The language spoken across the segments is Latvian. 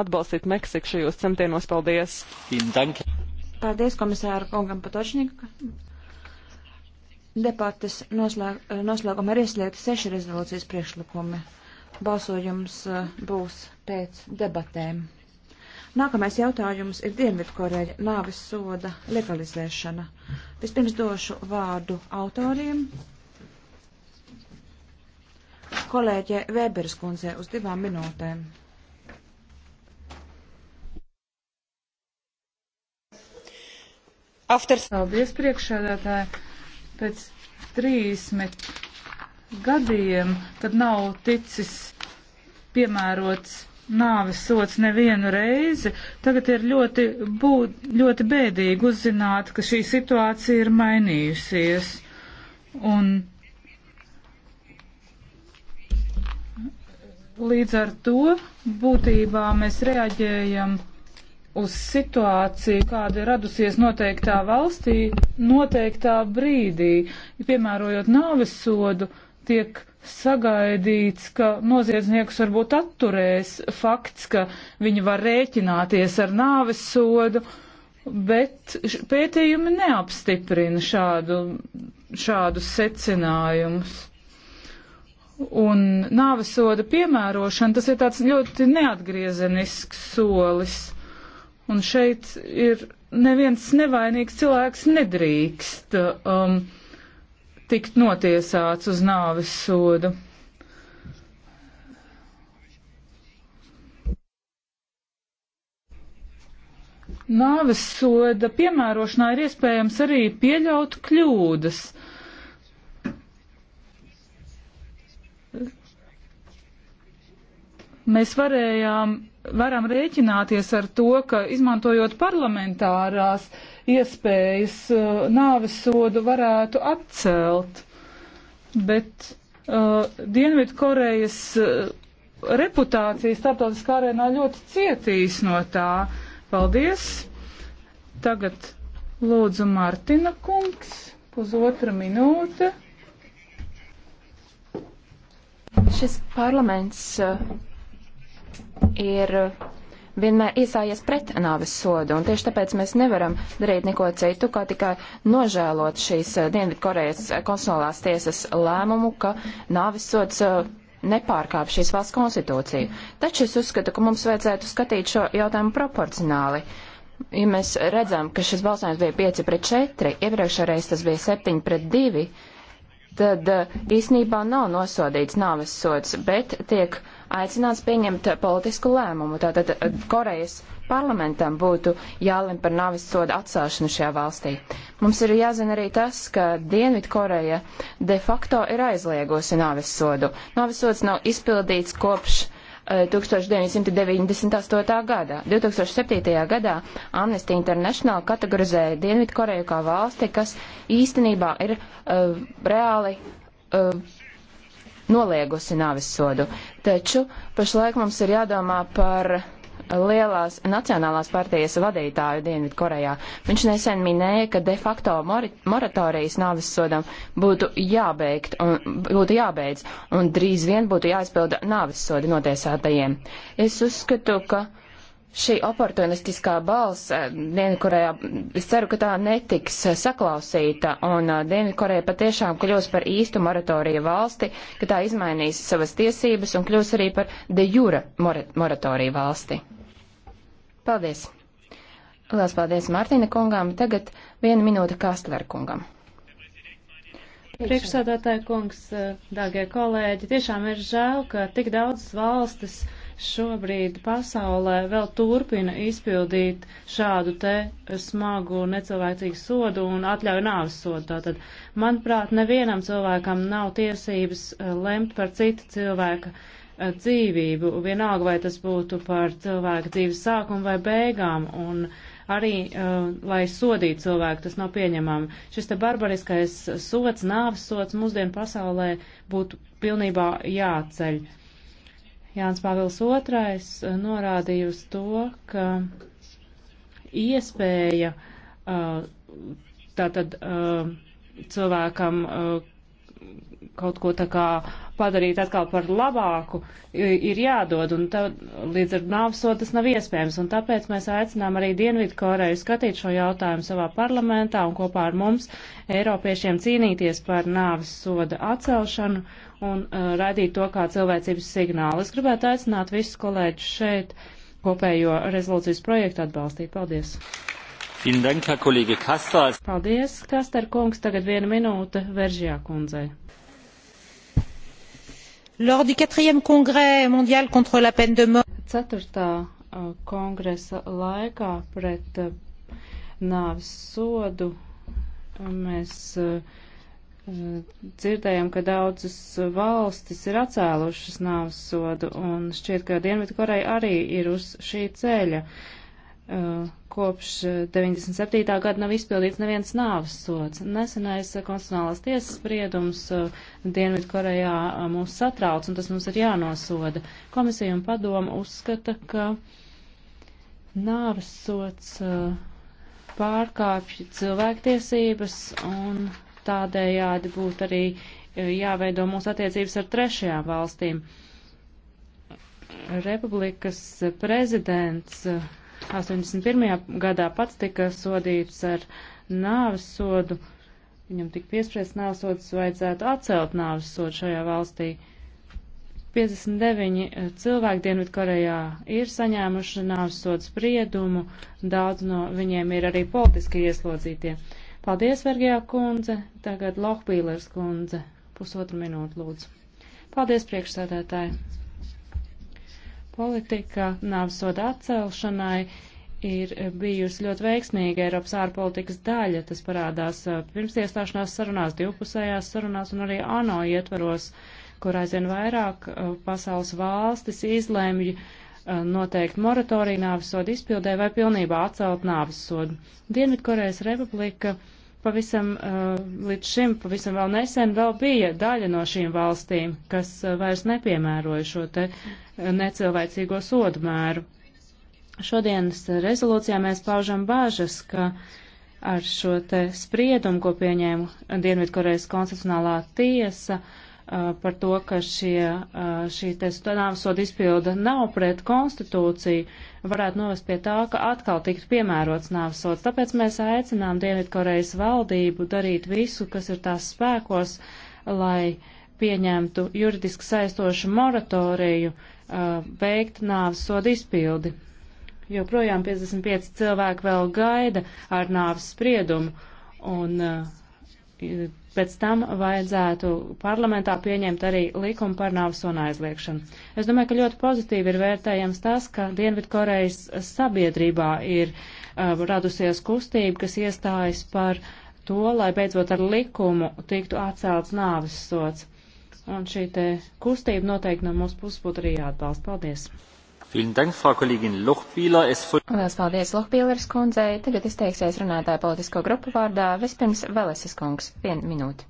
atbalstīt Meksiku šajos centienos. Paldies! Paldies komisāru kungam Patočniku. Debates noslēgumā ir ieslēgti seši rezolūcijas priekšlikumi. Balsojums eh, būs pēc debatēm. Nākamais jautājums ir Dienvidkoreja nāvis soda legalizēšana. Vispirms došu vārdu autoriem. Kolēģe Weberskundzei uz divām minūtēm. After... Paldies priekšsēdētāji. Pēc 30 gadiem, kad nav ticis piemērots nāves sots nevienu reizi, tagad ir ļoti, būt, ļoti bēdīgi uzzināt, ka šī situācija ir mainījusies. Un līdz ar to būtībā mēs reaģējam uz situāciju, kāda ir radusies noteiktā valstī, noteiktā brīdī. Piemērojot nāves sodu, tiek sagaidīts, ka noziedznieks varbūt atturēs fakts, ka viņi var rēķināties ar nāves sodu, bet pētījumi neapstiprina šādu, šādus secinājumus. Un nāves soda piemērošana, tas ir tāds ļoti neatgriezenisks solis Un šeit ir neviens nevainīgs cilvēks nedrīkst um, tikt notiesāts uz nāves sodu. Nāves soda piemērošanā ir iespējams arī pieļaut kļūdas. Uh, mēs varējām, varam rēķināties ar to, ka izmantojot parlamentārās iespējas uh, nāves sodu varētu atcelt. Bet uh, Dienvidkorejas uh, reputācija starptautiskā arēnā ļoti cietīs no tā. Paldies! Tagad lūdzu Martina kungs, pusotra minūte. Šis parlaments uh ir vienmēr iesājies pret nāves sodu, un tieši tāpēc mēs nevaram darīt neko citu, kā tikai nožēlot šīs eh, Dienvidkorejas eh, konstitucionālās tiesas lēmumu, ka nāves sods eh, nepārkāp šīs valsts konstitūciju. Taču es uzskatu, ka mums vajadzētu skatīt šo jautājumu proporcionāli. Ja mēs redzam, ka šis balsojums bija 5 pret 4, iepriekšējais tas bija 7 pret 2, tad eh, īsnībā nav nosodīts nāves sods, bet tiek aicināts pieņemt politisku lēmumu. Tātad eh, Korejas parlamentam būtu jālem par nāves sodu atcelšanu šajā valstī. Mums ir jāzina arī tas, ka Dienvidkoreja de facto ir aizliegusi nāves sodu. Nāves sods nav izpildīts kopš 1998. gadā. 2007. gadā Amnesty International kategorizēja Dienvidkoreju kā valsti, kas īstenībā ir uh, reāli uh, noliegusi nāvis sodu. Taču pašlaik mums ir jādomā par lielās nacionālās partijas vadītāju Dienvidkorejā. Viņš nesen minēja, ka de facto moratorijas nāves sodam būtu, jābeigt, un, būtu jābeidz un drīz vien būtu jāizpilda nāves sodi notiesātajiem. Es uzskatu, ka šī oportunistiskā balss eh, Dienvidkorejā, es ceru, ka tā netiks eh, saklausīta, un eh, Dienvidkoreja patiešām kļūs par īstu moratoriju valsti, ka tā izmainīs savas tiesības un kļūs arī par de jure moratoriju valsti. Paldies! Lielas paldies Mārtiņa kungām. Tagad viena minūte Kastlera kungam. Priekšsādātāja kungs, dārgie kolēģi, tiešām ir žēl, ka tik daudzas valstis šobrīd pasaulē vēl turpina izpildīt šādu te smagu necilvēcīgu sodu un atļauj nāvis sodu. Tātad, manuprāt, nevienam cilvēkam nav tiesības eh, lemt par citu cilvēku Eh, dzīvību, vienalga vai tas būtu par cilvēku dzīves sākumu vai beigām, un arī, uh, lai sodītu cilvēku, tas nav pieņemami. Šis te barbariskais sots, nāves sots mūsdienu pasaulē būtu pilnībā jāceļ. Jānis Pāvils II eh, norādīja uz to, ka iespēja uh, tātad uh, cilvēkam uh, kaut ko tā kā padarīt atkal par labāku, ir jādod, un tā, līdz ar nāvsot tas nav iespējams, un tāpēc mēs aicinām arī Dienvidu Koreju skatīt šo jautājumu savā parlamentā un kopā ar mums Eiropiešiem cīnīties par nāvis soda atcelšanu un uh, e, radīt to kā cilvēcības signālu. Es gribētu aicināt visus kolēģus šeit kopējo rezolūcijas projektu atbalstīt. Paldies! Paldies, Kastar kungs. Tagad viena minūte Veržijā kundzei. Lors du 4e congrès mondial contre la peine de mort. 4. Uh, kongresa laikā pret uh, nāves sodu mēs uh, dzirdējam, ka daudzas valstis ir atcēlušas nāves sodu, un šķiet, ka Dienvidu Koreja arī ir uz šī ceļa. Uh, kopš 97. gada nav izpildīts neviens nāves sots. Nesenais konstitucionālās tiesas spriedums Dienvidu Korejā mūs satrauc, un tas mums ir jānosoda. Komisija un padoma uzskata, ka nāves sots pārkāpj cilvēktiesības, un tādējādi būtu arī jāveido mūsu attiecības ar trešajām valstīm. Republikas prezidents uh, 81. gadā pats tika sodīts ar nāves sodu, viņam tika piespriests nāves sods, vajadzētu atcelt nāves sodu šajā valstī. 59 eh, cilvēki Dienvidkorejā ir saņēmuši nāves sodu spriedumu, daudz no viņiem ir arī politiski ieslodzītie. Paldies, Vergijā kundze, tagad Lohbīlers kundze, pusotru minūtu lūdzu. Paldies, priekšsēdētāji! politika nāvsoda atcelšanai ir bijusi ļoti veiksmīga Eiropas ārpolitikas daļa. Tas parādās uh, pirms iestāšanās sarunās, divpusējās sarunās un arī ANO ietvaros, kur aizvien vairāk uh, pasaules valstis izlēmj uh, noteikt moratoriju nāvisodu izpildē vai pilnībā atcelt nāvisodu. Dienvidkorejas republika pavisam līdz šim, pavisam vēl nesen vēl bija daļa no šīm valstīm, kas vairs nepiemēroja šo te necilvēcīgo sodu mēru. Šodienas rezolūcijā mēs paužam bāžas, ka ar šo te spriedumu, ko pieņēma Dienvidkorejas konstitucionālā tiesa, par to, ka šie, šī nāvesoda izpilda nav pret konstitūciju, varētu novest pie tā, ka atkal tiktu piemērots nāvesods. Tāpēc mēs aicinām Dienvidkorejas valdību darīt visu, kas ir tās spēkos, lai pieņemtu juridiski saistošu moratoriju uh, Uh, veikt nāves sodu izpildi. Joprojām 55 cilvēki vēl gaida ar nāves spriedumu, un uh, pēc tam vajadzētu parlamentā pieņemt arī likumu par nāves un aizliekšanu. Es domāju, ka ļoti pozitīvi ir vērtējams tas, ka Dienvidkorejas sabiedrībā ir uh, radusies kustība, kas iestājas par to, lai beidzot ar likumu tiktu atcelts nāves sots. Un šī te kustība noteikti no mūsu puses būtu arī jāatbalsta. Paldies! Lielas paldies Lohpīlers kundzei. Tagad izteiksies runātāja politisko grupu vārdā. Vispirms Velesis kungs. Vienu minūti.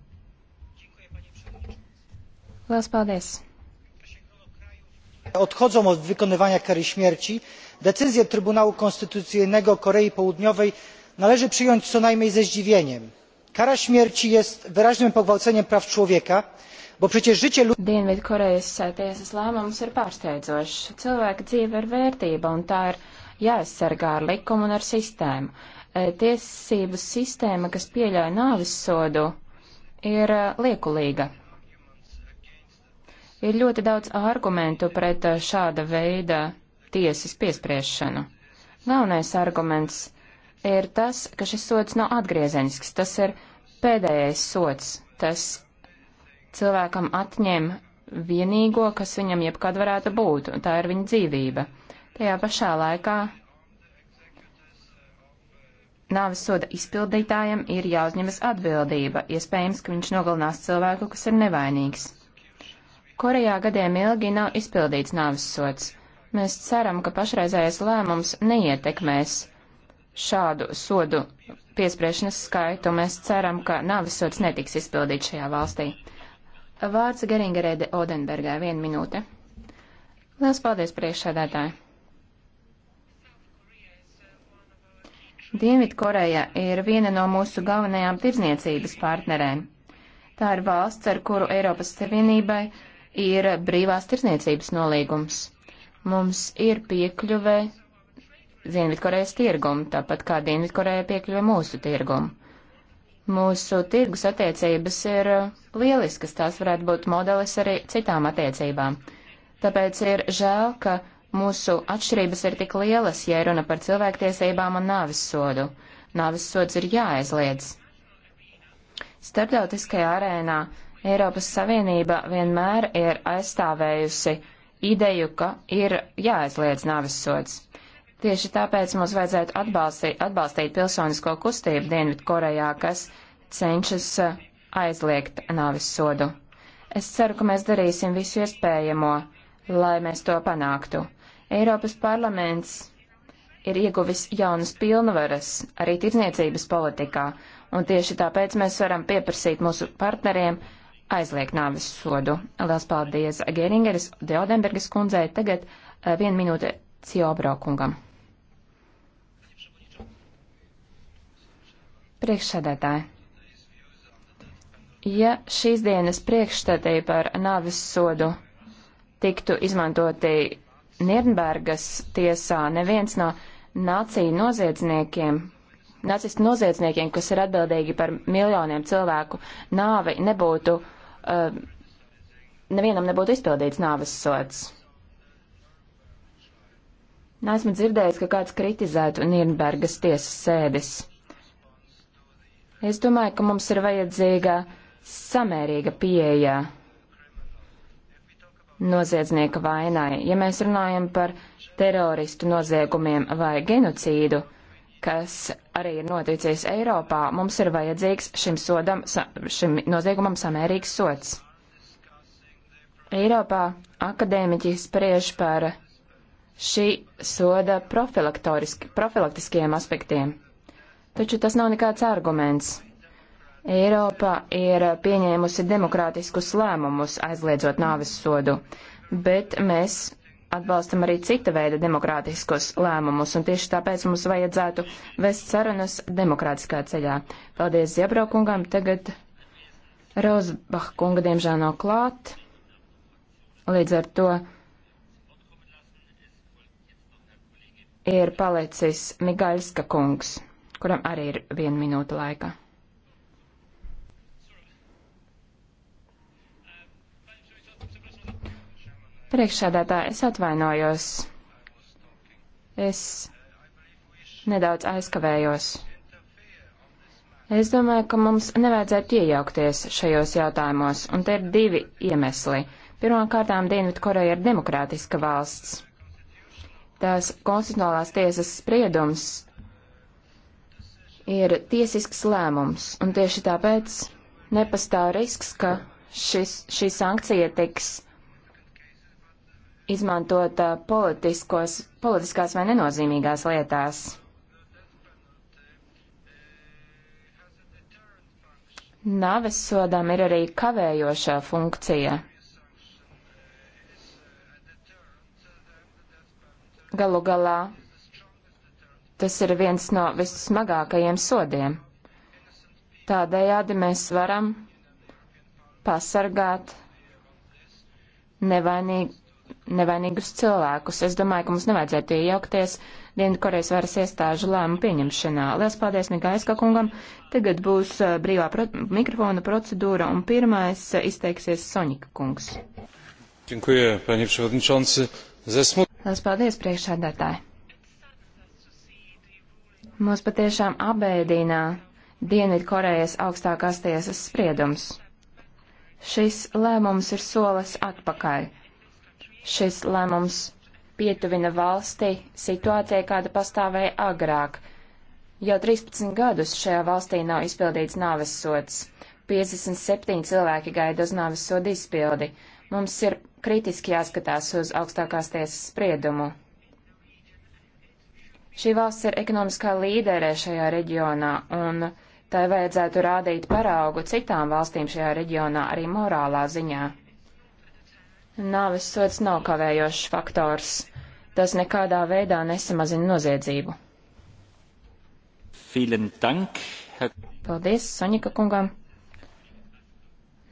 Lielas paldies! Odchodzą od wykonywania kary śmierci. Decyzję Trybunału Konstytucyjnego Korei Południowej należy przyjąć co najmniej ze zdziwieniem. Kara śmierci jest wyraźnym pogwałceniem praw człowieka bo przecież życie ludzi. Dienvidkorejas tiesas lēmums ir pārsteidzošs. Cilvēka dzīve ir vērtība un tā ir jāaizsargā ar likumu un ar sistēmu. E, tiesību sistēma, kas pieļauj nāvis sodu, ir e, liekulīga. Ir ļoti daudz argumentu pret e, šāda veida tiesas piespriešanu. Galvenais arguments ir tas, ka šis sots nav atgriezenisks, tas ir pēdējais sots, tas cilvēkam atņem vienīgo, kas viņam jebkad varētu būt, un tā ir viņa dzīvība. Tajā pašā laikā nāves soda izpildītājam ir jāuzņemas atbildība, iespējams, ka viņš nogalinās cilvēku, kas ir nevainīgs. Korejā gadiem ilgi nav izpildīts nāves sods. Mēs ceram, ka pašreizējais lēmums neietekmēs šādu sodu piespriešanas skaitu. Mēs ceram, ka nāves sods netiks izpildīts šajā valstī. Vārds Geringerēde Odenbergai, viena minūte. Liels paldies priekšsēdētāji. Dienvidkoreja ir viena no mūsu galvenajām tirzniecības partnerēm. Tā ir valsts, ar kuru Eiropas Savienībai ir brīvās tirzniecības nolīgums. Mums ir piekļuve Dienvidkorejas tirgumu, tāpat kā Dienvidkoreja piekļuve mūsu tirgumu. Mūsu tirgus attiecības ir uh, lieliskas, tās varētu būt modelis arī citām attiecībām. Tāpēc ir žēl, ka mūsu atšķirības ir tik lielas, ja runa par cilvēktiesībām un nāvis sodu. Nāvis sods ir jāaizliedz. Starptautiskajā arēnā Eiropas Savienība vienmēr ir aizstāvējusi ideju, ka ir jāaizliedz nāvis sods. Tieši tāpēc mums vajadzētu atbalstīt, atbalstīt pilsonisko kustību Dienvidkorejā, kas cenšas eh, aizliegt nāvis sodu. Es ceru, ka mēs darīsim visu iespējamo, lai mēs to panāktu. Eiropas parlaments ir ieguvis jaunas pilnvaras arī tirdzniecības politikā, un tieši tāpēc mēs varam pieprasīt mūsu partneriem aizliegt nāvis sodu. Lielas paldies Geringeris Deodenbergas kundzei, tagad eh, viena minūte Ciobro kungam. Priekšsēdētāji, ja šīs dienas priekšstatī par nāvis sodu tiktu izmantoti Nirnbergas tiesā, neviens no nāciju noziedzniekiem, nacistu noziedzniekiem, kas ir atbildīgi par miljoniem cilvēku nāvi, nebūtu, uh, nevienam nebūtu izpildīts nāves sods. Neesmu dzirdējis, ka kāds kritizētu Nirnbergas tiesas sēdes. Es domāju, ka mums ir vajadzīga samērīga pieeja noziedznieka vainai. Ja mēs runājam par teroristu noziegumiem vai genocīdu, kas arī ir noticis Eiropā, mums ir vajadzīgs šim, sodam, šim noziegumam samērīgs sots. Eiropā akadēmiķi spriež par šī soda profilaktiskiem aspektiem. Taču tas nav nekāds arguments. Eiropa ir pieņēmusi demokrātiskus lēmumus, aizliedzot nāves sodu, bet mēs atbalstam arī cita veida demokrātiskos lēmumus, un tieši tāpēc mums vajadzētu vest sarunas demokrātiskā ceļā. Paldies Ziebraukungam, tagad Rozbach kunga diemžēl nav klāt. Līdz ar to ir palicis Migaļska kungs kuram arī ir viena minūte laika. Priekšsēdētāji, es atvainojos. Es nedaudz aizkavējos. Es domāju, ka mums nevajadzētu iejaukties šajos jautājumos, un te ir divi iemesli. Pirmkārtām, Dienvidkoreja ir demokrātiska valsts. Tās konstitucionālās tiesas spriedums ir tiesisks lēmums, un tieši tāpēc nepastāv risks, ka šis, šī sankcija tiks izmantota politiskās vai nenozīmīgās lietās. Nāves sodām ir arī kavējošā funkcija. Galu galā Tas ir viens no vissmagākajiem sodiem. Tādējādi mēs varam pasargāt nevainīgu, nevainīgus cilvēkus. Es domāju, ka mums nevajadzētu iejaukties Dienvidkorejas varas iestāžu lēmu pieņemšanā. Lielas paldies Nikaiska kungam. Tagad būs uh, brīvā pro mikrofona procedūra un pirmais uh, izteiksies Soņika kungs. Dziękuję, panie przewodniczący. Zesmu... Lielas paldies, priekšsēdētāji. Mūs patiešām abēdinā Dienvidkorejas augstākās tiesas spriedums. Šis lēmums ir solis atpakaļ. Šis lēmums pietuvina valsti situācijai, kāda pastāvēja agrāk. Jau 13 gadus šajā valstī nav izpildīts nāvessods. 57 cilvēki gaida uz nāvessodu izpildi. Mums ir kritiski jāskatās uz augstākās tiesas spriedumu. Šī valsts ir ekonomiskā līderē šajā reģionā, un tai vajadzētu rādīt paraugu citām valstīm šajā reģionā arī morālā ziņā. Nāves sods nav kavējošs faktors. Tas nekādā veidā nesamazina noziedzību. Dank, her... Paldies Soņika kungam.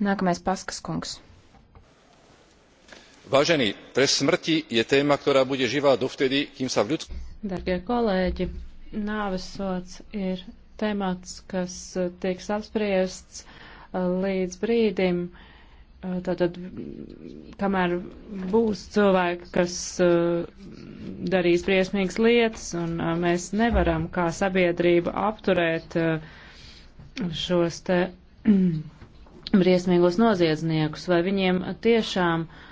Nākamais Paskas kungs. Vážený, trest smrti je téma, ktorá bude živá dovtedy, kým sa v ľudskom... Darbie kolēģi, nāvesots ir temats, kas eh, tiks apspriests eh, līdz brīdim, eh, tātad, kamēr būs cilvēki, kas darīs briesmīgas lietas, un mēs nevaram kā sabiedrība apturēt šos te briesmīgos noziedzniekus, vai viņiem tiešām uh,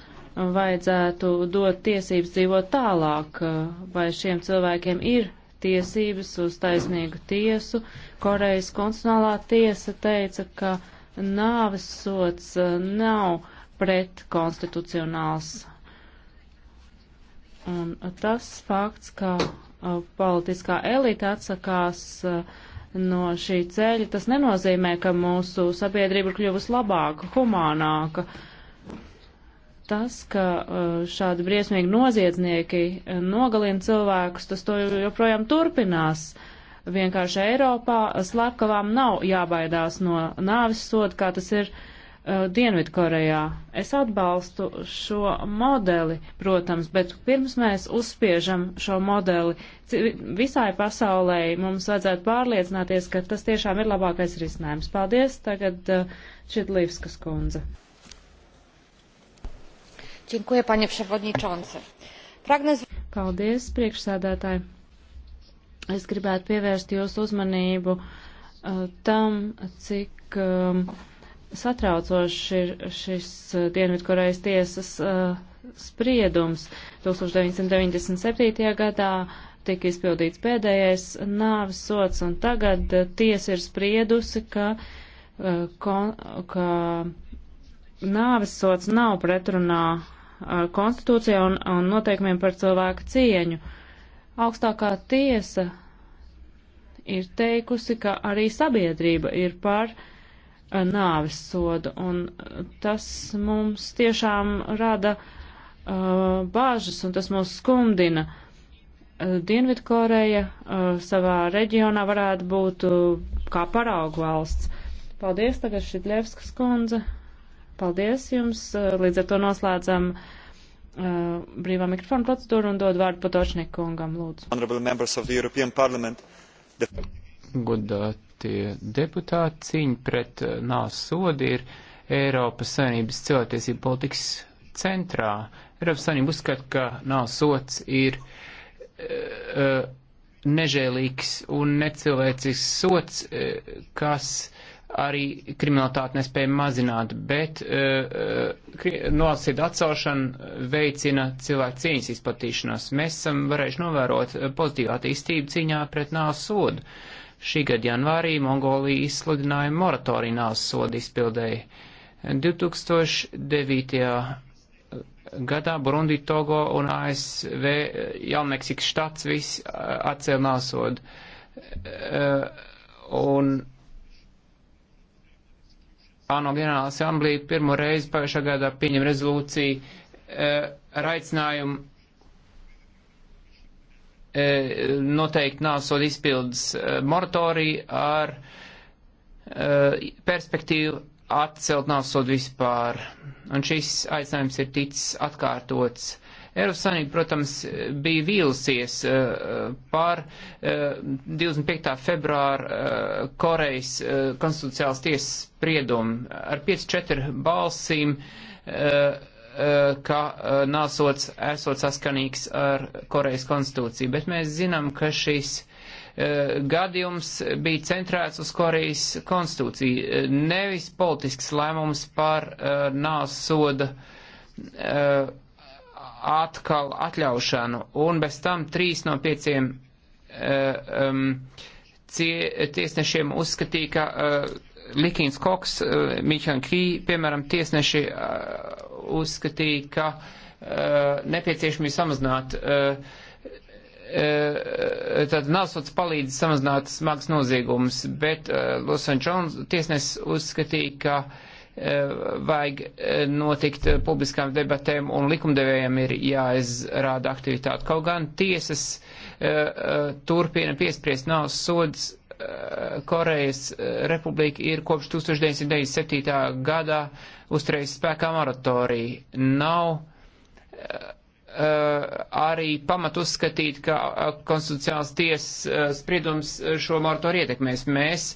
vajadzētu dot tiesības dzīvot tālāk, eh, vai šiem cilvēkiem ir tiesības uz taisnīgu tiesu. Korejas konstitucionālā tiesa teica, ka nāves sots eh, nav pretkonstitucionāls. Un tas fakts, ka eh, politiskā elita atsakās no šī ceļa, tas nenozīmē, ka mūsu sabiedrība ir kļuvusi labāka, humānāka. Uh, tas, ka uh, šādi briesmīgi noziedznieki uh, nogalina cilvēkus, tas to joprojām turpinās. Vienkārši Eiropā uh, slepkavām nav jābaidās no nāvis soda, kā tas ir uh, Dienvidkorejā. Es atbalstu šo modeli, protams, bet pirms mēs uzspiežam šo modeli visai pasaulē, mums vajadzētu pārliecināties, ka tas tiešām ir labākais risinājums. Paldies, tagad uh, Čitlīvskas kundze. Dziękuję, panie przewodniczący. Pragnę... Paldies, priekšsēdētāji. Es gribētu pievērst jūsu uzmanību uh, tam, cik um, satraucoši ir šis uh, Dienvidkorejas tiesas uh, spriedums. 1997. gadā tika izpildīts pēdējais nāves sots, un tagad uh, tiesa ir spriedusi, ka, uh, ka nāves sots nav pretrunā Eh, konstitūcijā un, un noteikumiem par cilvēku cieņu. Augstākā tiesa ir teikusi, ka arī sabiedrība ir par eh, nāves sodu, un eh, tas mums tiešām rada uh, bāžas, un tas mūs skumdina. Dienvidkoreja uh, savā reģionā varētu būt uh, kā paraugu valsts. Paldies tagad Šidļevskas kundze. Paldies jums. Līdz ar to noslēdzam uh, brīvā mikrofona procedūru un dod vārdu Potočnikungam, lūdzu. Godātie deputāti, cīņa pret uh, nās sodi ir Eiropas Savienības cilvēktiesību politikas centrā. Eiropas Savienība uzskata, ka nās sots ir uh, uh, nežēlīgs un necilvēcīgs sots, uh, kas arī kriminalitāti nespēja mazināt, bet uh, nolasīt atcelšana veicina cilvēku cīņas izplatīšanos. Mēs esam varējuši novērot eh, pozitīvu attīstību cīņā pret nāves sodu. Šī gada janvārī Mongolija izsludināja moratoriju nāves sodu izpildēji. 2009. gadā Burundi, Togo un ASV Jaunmeksikas štats viss atcēla nāves sodu. Uh, un ANO ģenerāla asamblija pirmo reizi pagājušā gadā pieņem rezolūciju eh, ar aicinājumu eh, noteikti nāsot izpildes eh, moratoriju ar perspektīvu atcelt nāsot vispār. Un šis aicinājums ir ticis atkārtots Eiropas Savienība, protams, bija vīlusies eh, pār 25. Eh, februāra eh, Korejas konstitucionāls tiesas spriedumu ar 5-4 balsīm, ka nāsots esot saskanīgs ar Korejas konstitūciju. Bet mēs zinām, ka šis gadījums bija centrēts uz Korejas konstitūciju, nevis politisks lēmums par nāsoda atkal atļaušanu, un bez tam trīs no pieciem uh, eh, um, cie, tiesnešiem uzskatīja, ka uh, Likins Koks, uh, eh, Mihan Kī, piemēram, tiesneši uh, uzskatīja, ka uh, nepieciešami samazināt, uh, uh, tad Nelsons palīdz samazināt smagas noziegumus, bet uh, Losan Čons tiesnes uzskatīja, ka uh, Eh, vajag eh, notikt eh, publiskām debatēm un likumdevējiem ir jāizrāda aktivitāte. Kaut gan tiesas turpina piespriest nav sods. Korejas republika ir kopš 1997. gadā uzturējusi spēkā moratoriju. Nav uh, Eh, arī pamat uzskatīt, ka eh, konstitucionāls tiesas eh, spriedums šo moratoru ietekmēs. Mēs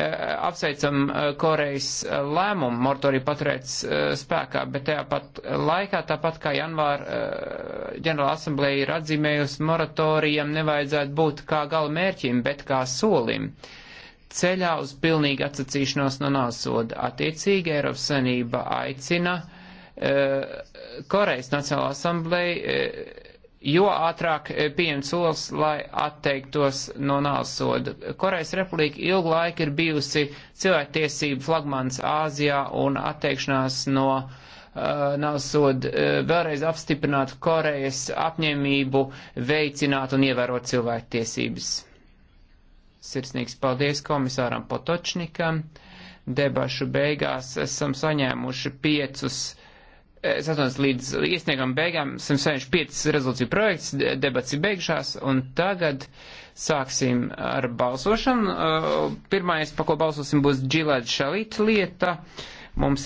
apsveicam Korejas lēmumu, moratorija paturēts spēkā, bet tajā pat laikā, tāpat kā janvāra ģenerāla asamblēja ir atzīmējusi, moratorijam nevajadzētu būt kā gala mērķim, bet kā solim ceļā uz pilnīgu atsacīšanos no nāsoda. Attiecīgi Eiropas Sanība aicina uh, Korejas Nacionālajā asamblēja eh, jo ātrāk eh, pieņemt solis, lai atteiktos no nāves soda. Korejas republika ilgu laiku ir bijusi cilvēktiesību flagmans Āzijā un atteikšanās no uh, eh, nāves soda uh, vēlreiz apstiprināt Korejas apņēmību veicināt un ievērot cilvēktiesības. Sirsnīgs paldies komisāram Potočnikam. Debašu beigās esam saņēmuši piecus Satons līdz iesniegam beigām 165 rezolūciju projekts, debats ir beigšās, un tagad sāksim ar balsošanu. Pirmais, pa ko balsosim, būs Džilāda Šalīta lieta. Mums